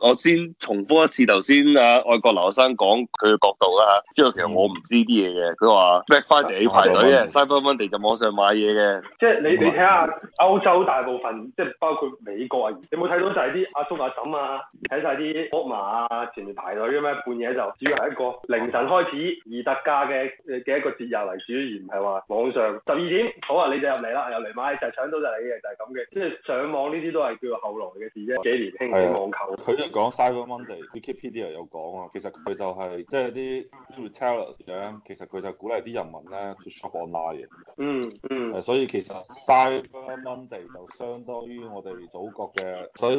我先重複一次頭先啊，外國留學生講佢嘅角度啦嚇，因為其實我唔知啲嘢嘅，佢話 back 翻嚟要排隊嘅，生搬搬地就網上買嘢嘅。即係你你睇下 歐洲大部分，即係包括美國啊，你冇睇到就係啲阿叔阿嬸啊，睇晒啲貨物啊，前面排隊嘅咩？半夜就主要係一個凌晨開始而特價嘅嘅一個節日為主，而唔係話網上十二點好啊，你就入嚟啦，入嚟買就搶到就你嘅，就係咁嘅。即係上網呢啲都係叫做後來嘅事啫，幾年興嘅網購。講 Cyber Monday，Wikipedia 有講啊，其實佢就係、是、即係啲 retailers 咧，其實佢就鼓勵啲人民咧去 shop online 嘅、嗯。嗯嗯。所以其實 Cyber Monday 就相當於我哋祖國嘅。所以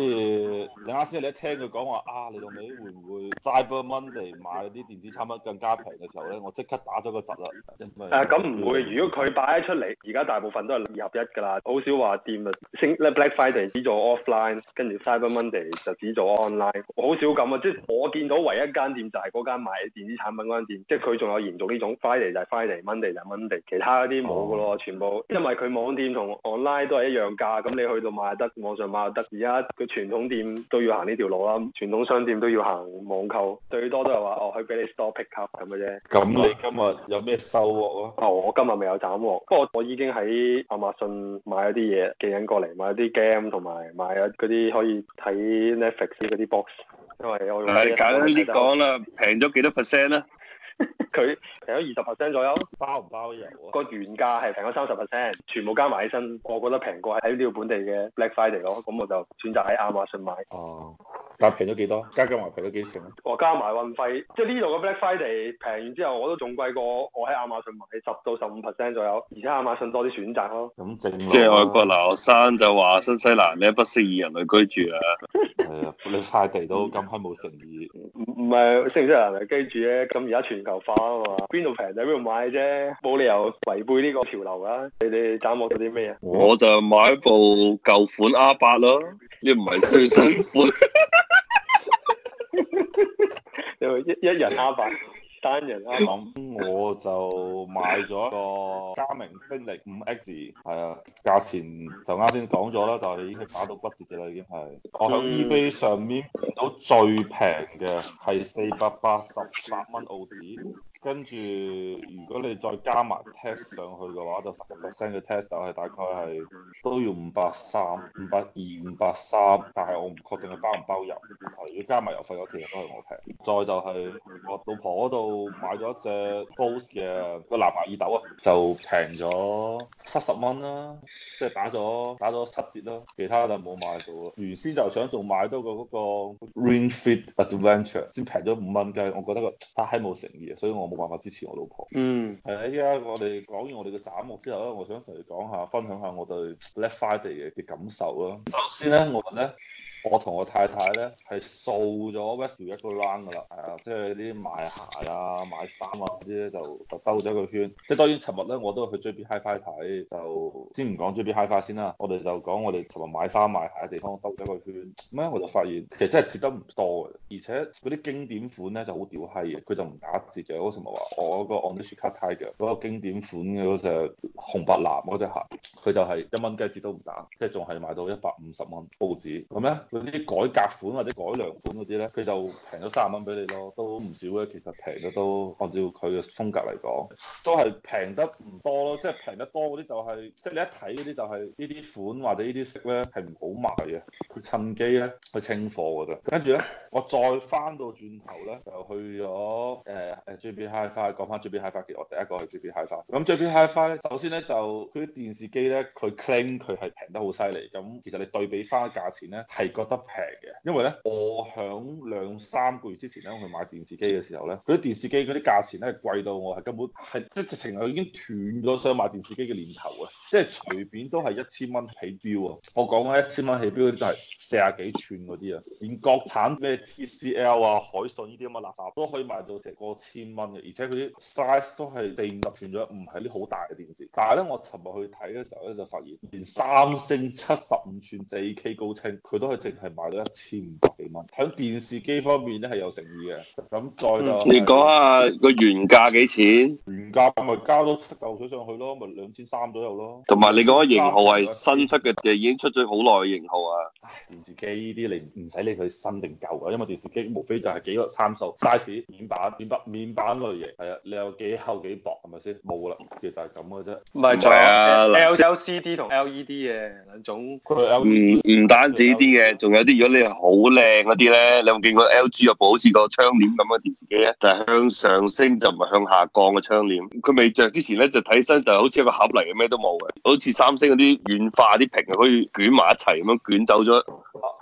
你啱先你一聽佢講話啊，你到尾會唔會 Cyber Monday 買啲電子產品更加平嘅時候咧，我即刻打咗個窒啦，因為誒咁唔會，如果佢擺喺出嚟，而家大部分都係二合一㗎啦，好少話店啊升 Black Friday 只做 offline，跟住 Cyber Monday 就只做好少咁啊！即係我見到唯一間店就係嗰間賣電子產品嗰間店，即係佢仲有延續呢種 Friday 就 Friday，Monday 就 Monday，其他嗰啲冇噶咯，哦、全部因為佢網店同 online 都係一樣價，咁你去到買得，網上買又得。而家佢傳統店都要行呢條路啦，傳統商店都要行網購，最多都係話哦，去俾你 store pickup 咁嘅啫。咁這樣、哦、你今日有咩收穫咯、啊？啊、哦，我今日未有賺喎，不過我已經喺亞馬遜買咗啲嘢寄緊過嚟，買啲 game 同埋買咗嗰啲可以睇 Netflix 嗰啲。box，因為我用是，係簡單啲講啦，平咗幾多 percent 咧？佢平咗二十 percent 左右，包唔包郵？個原價係平咗三十 percent，全部加埋起身，我覺得平過喺呢個本地嘅 Black Friday 咯，咁我就選擇喺亞馬遜買哦。但平咗幾多？加多加埋平咗幾少啊？我加埋運費，即係呢度嘅 Black Friday 平完之後，我都仲貴過我喺亞馬遜買十到十五 percent 左右，而家亞馬遜多啲選擇咯。咁正、啊，即係外國留學生就話新西蘭咧不適宜人類居住啊！係啊、 哎，快遞都咁閪冇誠意。唔唔係適唔適宜人類居住咧、啊？咁而家全球化啊嘛，邊度平就邊度買啫，冇理由違背呢個潮流啊！你哋斬獲咗啲咩啊？我就買一部舊款 R 八咯，呢唔係最新款。你話一一人啱買，單人啱講，我就買咗個佳明星力五 X，係啊，價錢就啱先講咗啦，就係已經打到骨折噶啦，已經係我響 eBay 上面見到最平嘅，係四百八十八蚊澳紙。跟住，如果你再加埋 tax 上去嘅話，就十 percent 嘅 tax 就係大概係都要五百三、五百二、五百三，但係我唔確定係包唔包郵。如果加埋郵費嗰，其實都係我平。再就係、是。我老婆嗰度買咗隻 Bose 嘅個藍牙耳豆啊，就平咗七十蚊啦，即係打咗打咗七折啦，其他就冇買到啊。原先就想仲買多個嗰個 Ring Fit Adventure，先平咗五蚊雞，我覺得個太冇誠意啊，所以我冇辦法支持我老婆。嗯，係啊，依家我哋講完我哋嘅斬目之後啊，我想同你講下分享下我對 Black Friday 嘅嘅感受啦。首先咧，我咧我同我太太咧係掃咗 Westwood One 噶啦，係啊，即係啲。買鞋啊、買衫啊嗰啲咧，就就兜咗一個圈。即係當然呢，尋日咧我都去 JB Hi-Fi 睇，就先唔講 JB Hi-Fi 先啦。我哋就講我哋尋日買衫、買鞋嘅地方兜咗一個圈。咁咧我就發現其實真係折得唔多嘅，而且嗰啲經典款咧就好屌閪嘅，佢就唔打折嘅。我成日話我個 Onitsuka Tiger 嗰個經典款嘅嗰隻紅白藍嗰隻鞋，佢就係一蚊雞折都唔打，即係仲係賣到一百五十蚊報紙。咁咧嗰啲改革款或者改良款嗰啲咧，佢就平咗三十蚊俾你咯，都唔～少咧，其實平得都按照佢嘅風格嚟講，都係平得唔多咯。即係平得多嗰啲就係、是，即、就、係、是、你一睇嗰啲就係呢啲款或者呢啲色咧係唔好賣嘅。佢趁機咧去清貨嘅啫。跟住咧，我再翻到轉頭咧就去咗誒誒 JB Hi-Fi 講翻 JB Hi-Fi 嘅，Fi, Fi，其實我第一個去 JB Hi-Fi。咁 Fi JB Hi-Fi 咧，首先咧就佢啲電視機咧，佢 claim 佢係平得好犀利。咁其實你對比翻價錢咧係覺得平嘅，因為咧我響兩三個月之前咧我去買電視機。嘅時候咧，嗰啲電視機嗰啲價錢咧，貴到我係根本係即係直情係已經斷咗想買電視機嘅念頭啊！即係隨便都係一千蚊起標啊！我講緊一千蚊起標嗰啲都係四十幾寸嗰啲啊，連國產咩 TCL 啊、海信呢啲咁嘅垃圾都可以賣到成過千蚊嘅，而且佢啲 size 都係四五十寸咗，唔係啲好大嘅電視。但係咧，我尋日去睇嘅時候咧，就發現連三星七十五寸四 k 高清佢都係淨係賣到一千五百幾蚊。喺電視機方面咧係有誠意嘅，咁再你講下個原價幾錢？原價咪加多七嚿水上去咯，咪兩千三左右咯。同埋你講嘅型號係新出嘅定係已經出咗好耐嘅型號啊？唉，電視機呢啲你唔使理佢新定舊㗎，因為電視機無非就係幾個參數 s i z e 面板、面板、面板類型，係啊，你有幾厚幾薄係咪先？冇啦，其實就係咁嘅啫。唔係是，仲有、啊、L C D 同 L E D 嘅兩種。唔唔不單止呢啲嘅，仲 L 有啲如果你係好靚嗰啲咧，你有冇見過 L G 入部好似個窗簾咁嘅電視機咧？就係向上升就唔係向下降嘅窗簾。佢未着之前咧，就睇起身就好似一個盒嚟嘅，咩都冇嘅，好似三星嗰啲軟化啲屏啊，可以捲埋一齊咁樣捲走咗。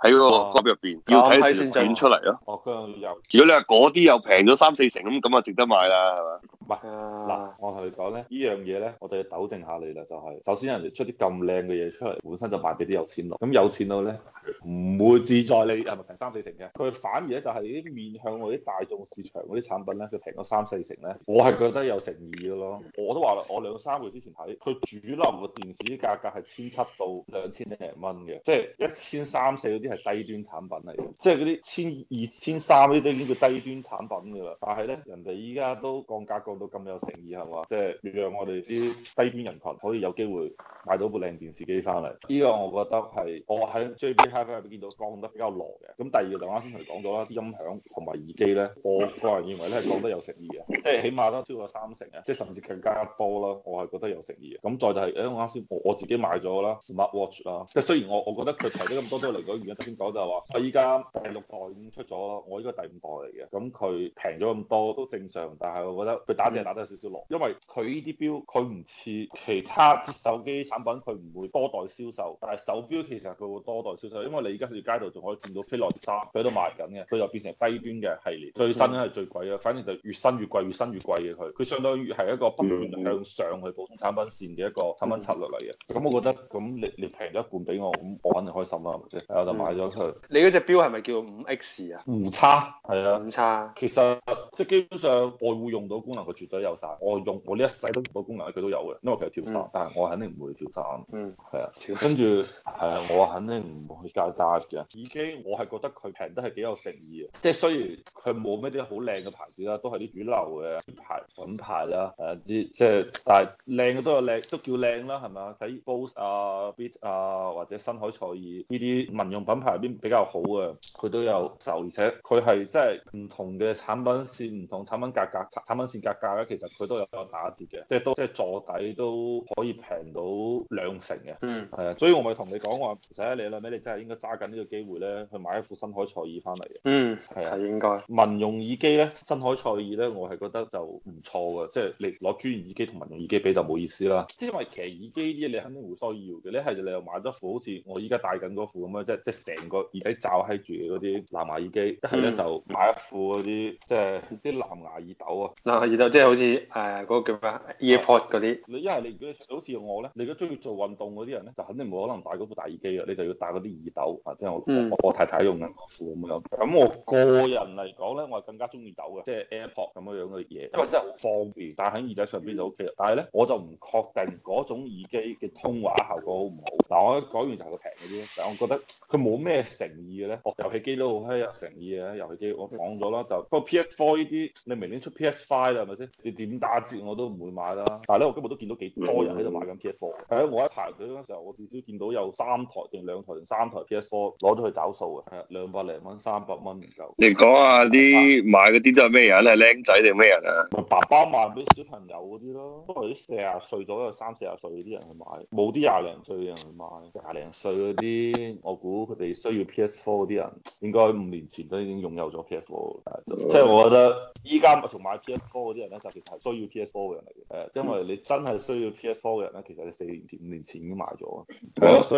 喺嗰個殼入邊要睇睇先轉出嚟咯。哦、啊，佢又如果你話嗰啲又平咗三四成咁，咁啊值得買啦，係嘛、啊？唔係嗱，我同你講咧，依樣嘢咧，我就要糾正下你啦，就係、是、首先人哋出啲咁靚嘅嘢出嚟，本身就賣俾啲有錢佬。咁有錢佬咧。唔會志在你係咪平三四成嘅？佢反而咧就係啲面向我啲大眾市場嗰啲產品咧，佢平咗三四成咧。我係覺得有誠意嘅咯。我都話啦，我兩三個月之前睇，佢主流嘅電視啲價格係千七到兩千零蚊嘅，即係一千三四嗰啲係低端產品嚟嘅，即係嗰啲千二千三呢啲已經叫低端產品㗎啦。但係咧，人哋依家都降價降到咁有誠意，係嘛？即係讓我哋啲低端人群可以有機會買到部靚電視機翻嚟。呢個我覺得係我喺 J B h 因為見到降得比較耐，嘅，咁第二就啱先同你講咗啦，啲音響同埋耳機咧，我個人認為咧講得有誠意嘅，即係起碼都超過三成啊，即係甚至更加多啦，我係覺得有誠意嘅。咁再就係、是、誒、欸，我啱先我我自己買咗啦，Smart Watch 啦，即係雖然我我覺得佢除咗咁多都嚟另外原因，頭先講就係話佢依家第六代已經出咗咯，我依個第五代嚟嘅，咁佢平咗咁多都正常，但係我覺得佢打正打得有少少落，因為佢呢啲表，佢唔似其他手機產品佢唔會多代銷售，但係手錶其實佢會多代銷售，因為你而家去條街度仲可以見到菲飛樂沙佢喺度賣緊嘅，佢就變成低端嘅系列，最新咧係最貴嘅，反正就越新越貴，越新越貴嘅佢，佢相當於係一個不斷向上去補充產品線嘅一個產品策略嚟嘅。咁、嗯嗯、我覺得，咁你你平咗一半俾我，咁我肯定開心啦，係咪先？我就買咗佢。你嗰隻表係咪叫五 X 啊？唔差，係啊，唔差。其實即係基本上外戶用到功能，佢絕對有晒。我用我呢一世都用到功能，佢都有嘅，因為其實跳傘，嗯、但係我肯定唔會跳傘。嗯。係啊吧散。跟住係啊，我肯定唔會去。打嘅耳機，我係覺得佢平得係幾有誠意嘅，即係雖然佢冇咩啲好靚嘅牌子啦，都係啲主流嘅牌品牌啦，誒啲即係但係靚嘅都有靚，都叫靚啦，係咪？睇 Bose 啊、Beats 啊，或者新海賽爾呢啲民用品牌入邊比較好嘅，佢都有售，而且佢係即係唔同嘅產品線、唔同產品價格,格、產品線價格咧，其實佢都有有打折嘅，即係都即係坐底都可以平到兩成嘅，嗯，係啊，所以我咪同你講話唔使理兩咩，你真係應該。揸緊呢個機會咧，去買一副新海賽爾翻嚟。嗯，係啊，應該。民用、啊、耳機咧，新海賽爾咧，我係覺得就唔錯嘅，即、就、係、是、你攞專業耳機同民用耳機比就冇意思啦。即因為其實耳機啲你肯定會需要嘅，一係你又買一副好似我依家戴緊嗰副咁樣，即係即係成個耳仔罩喺住嗰啲藍牙耳機，一係咧就買一副嗰啲即係啲藍牙耳豆啊。藍牙耳豆即係好似誒嗰個叫咩 AirPod 嗰啲。你一係你如果好似我咧，你如果中意做運動嗰啲人咧，就肯定冇可能戴嗰副大耳機啊，你就要戴嗰啲耳豆。啊！即係我我，我太太用緊嗰款咁樣，咁我個人嚟講咧，我係更加中意抖嘅，即係 AirPod 咁樣樣嘅嘢，因為真係好方便。但係喺耳仔上邊就 O K 啦。但係咧，我就唔確定嗰種耳機嘅通話效果好唔好。嗱，我講完就係佢平嗰啲。但係我覺得佢冇咩誠意嘅咧，哦，遊戲機都好閪有誠意嘅，遊戲機我講咗啦，就不過 PS Four 呢啲，你明年出 PS Five 啦，係咪先？你點打折我都唔會買啦。但係咧，我今日都見到幾多人喺度買緊 PS Four。係我一排隊嗰時候，我至少見到有三台定兩台定三台 PS。貨攞咗去找數啊！兩百零蚊、三百蚊唔夠。你講下啲買嗰啲都係咩人咧？僆仔定咩人啊？人人啊爸爸買俾小朋友嗰啲咯，不過啲四啊歲左右、三四啊歲啲人去買，冇啲廿零歲嘅人去買。廿零歲嗰啲，我估佢哋需要 PS Four 嗰啲人，應該五年前都已經擁有咗 PS Four。即係、就是、我覺得依家從買 PS Four 嗰啲人咧，特其實係需要 PS Four 嘅人嚟嘅。誒，因為你真係需要 PS Four 嘅人咧，其實你四年前、五年前已經買咗。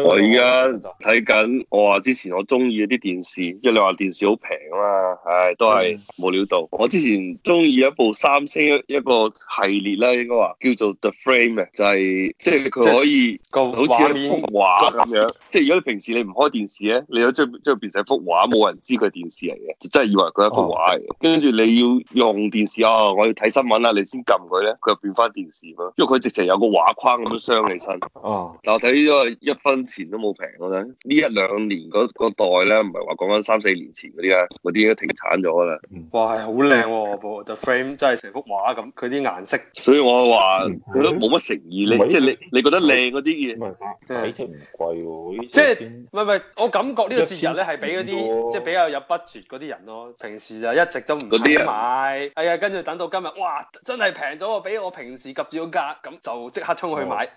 我而家睇緊。我話、哦、之前我中意嗰啲電視，即係你話電視好平啊嘛，唉、哎，都係冇料到。我之前中意一部三星一一個系列啦，應該話叫做 The Frame 嘅、就是，就係即係佢可以是好似一幅畫咁樣。 即係如果你平時你唔開電視咧，你有張張變成一幅畫，冇人知佢係電視嚟嘅，就真係以為佢一幅畫嚟嘅。跟住你要用電視啊、哦，我要睇新聞啦，你先撳佢咧，佢又變翻電視咯，因為佢直情有個畫框咁樣鑲起身。啊！但，我睇咗個一分錢都冇平啊，呢一兩年嗰代咧，唔係話講緊三四年前嗰啲啊，嗰啲應該停產咗啦。哇，係好靚喎，部 The Frame 真係成幅畫咁，佢啲顏色。所以我話佢、嗯、都冇乜誠意，你喂即係你，你覺得靚嗰啲嘢。唔係，睇住唔貴喎、哦，即係唔係唔係？我感覺呢個節日咧係俾嗰啲即係比較入不絕嗰啲人咯、哦，平時就一直都唔肯買。啲啊。係啊、哎，跟住等到今日，哇！真係平咗，比我平時及住個價，咁就即刻衝去買。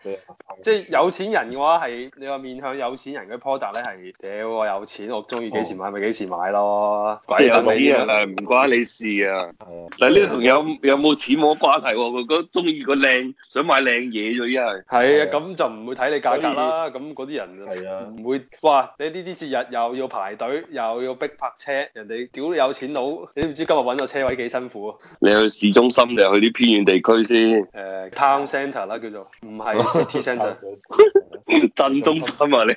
即係說有錢人嘅話係，你話面向有錢人嘅 product 咧係。屌，我有錢，我中意幾時買咪幾時買咯，鬼係有錢人唔關你事啊。嗱呢樣有有冇錢冇關係喎，佢嗰中意個靚，想買靚嘢啫依家係。係啊，咁就唔會睇你價格啦。咁嗰啲人，係啊，唔會。哇！你呢啲節日又要排隊，又要逼泊車，人哋屌有錢佬，你唔知今日揾個車位幾辛苦啊。你去市中心定去啲偏遠地區先？誒，town centre 啦叫做，唔係 city centre，e 鎮中心啊你。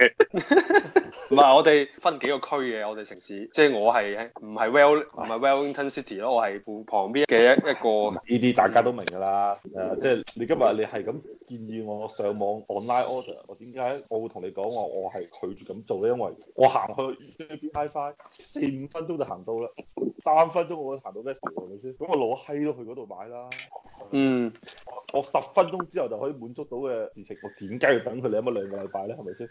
唔係 我哋分幾個區嘅，我哋城市即係我係唔係 Well，唔係 Wellington City 咯唉，我係旁邊嘅一一個。呢啲大家都明㗎啦，誒即係你今日你係咁建議我上網 online order，我點解我會同你講我我係拒絕咁做咧？因為我行去呢啲 WiFi 四五分鐘就行到啦，三分鐘我行到咩程度先？咁我攞閪都去嗰度買啦。嗯，我，我十分鐘之後就可以滿足到嘅事情，我點解要等佢你咁一兩個禮拜咧？係咪先？